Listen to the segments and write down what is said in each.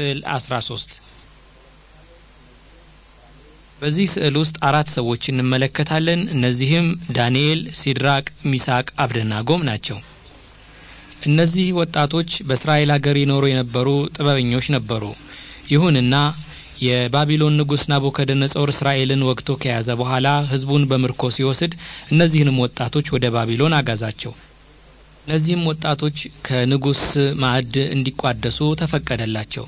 ስዕል 13 በዚህ ስዕል ውስጥ አራት ሰዎች እንመለከታለን። እነዚህም ዳንኤል፣ ሲድራቅ፣ ሚሳቅ፣ አብደናጎም ናቸው። እነዚህ ወጣቶች በእስራኤል አገር ይኖሩ የነበሩ ጥበበኞች ነበሩ። ይሁንና የባቢሎን ንጉሥ ናቡከደነጾር እስራኤልን ወግቶ ከያዘ በኋላ ሕዝቡን በምርኮ ሲወስድ እነዚህንም ወጣቶች ወደ ባቢሎን አጋዛቸው። ለዚህም ወጣቶች ከንጉስ ማዕድ እንዲቋደሱ ተፈቀደላቸው።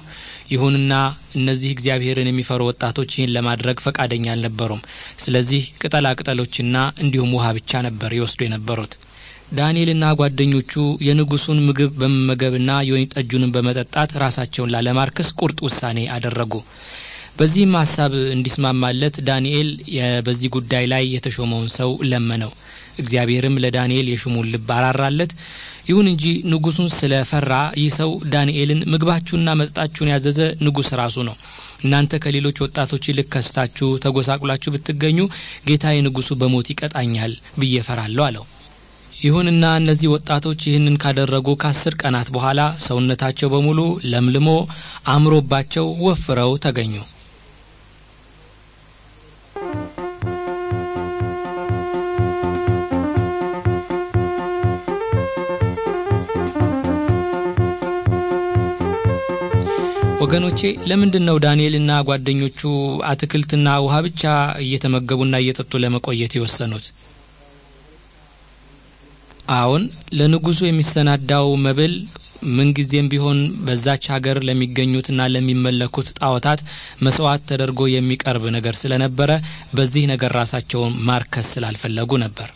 ይሁንና እነዚህ እግዚአብሔርን የሚፈሩ ወጣቶች ይህን ለማድረግ ፈቃደኛ አልነበሩም። ስለዚህ ቅጠላ ቅጠሎችና እንዲሁም ውሃ ብቻ ነበር ይወስዱ የነበሩት። ዳንኤልና ጓደኞቹ የንጉሱን ምግብ በመመገብና የወይን ጠጁንም በመጠጣት ራሳቸውን ላለማርከስ ቁርጥ ውሳኔ አደረጉ። በዚህም ሀሳብ እንዲስማማለት ዳንኤል በዚህ ጉዳይ ላይ የተሾመውን ሰው ለመነው። እግዚአብሔርም ለዳንኤል የሹሙን ልብ አራራለት። ይሁን እንጂ ንጉሱን ስለፈራ ይህ ሰው ዳንኤልን ምግባችሁና መጠጣችሁን ያዘዘ ንጉስ ራሱ ነው። እናንተ ከሌሎች ወጣቶች ይልቅ ከስታችሁ ተጎሳቁላችሁ ብትገኙ ጌታዬ ንጉሱ በሞት ይቀጣኛል ብዬ እፈራለሁ አለው። ይሁንና እነዚህ ወጣቶች ይህንን ካደረጉ ከአስር ቀናት በኋላ ሰውነታቸው በሙሉ ለምልሞ አምሮባቸው ወፍረው ተገኙ። ወገኖቼ ለምንድን ነው ዳንኤልና ጓደኞቹ አትክልትና ውሃ ብቻ እየተመገቡና እየጠጡ ለመቆየት የወሰኑት? አሁን ለንጉሱ የሚሰናዳው መብል ምንጊዜም ቢሆን በዛች ሀገር ለሚገኙትና ለሚመለኩት ጣዖታት መስዋዕት ተደርጎ የሚቀርብ ነገር ስለነበረ በዚህ ነገር ራሳቸውን ማርከስ ስላልፈለጉ ነበር።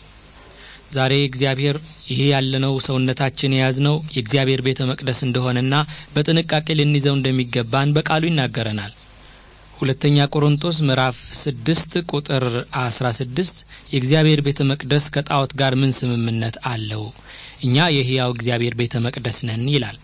ዛሬ እግዚአብሔር ይሄ ያለነው ሰውነታችን የያዝነው የእግዚአብሔር ቤተ መቅደስ እንደሆነና በጥንቃቄ ልንይዘው እንደሚገባን በቃሉ ይናገረናል። ሁለተኛ ቆሮንቶስ ምዕራፍ 6 ቁጥር 16 የእግዚአብሔር ቤተ መቅደስ ከጣዖት ጋር ምን ስምምነት አለው? እኛ የሕያው እግዚአብሔር ቤተ መቅደስ ነን ይላል።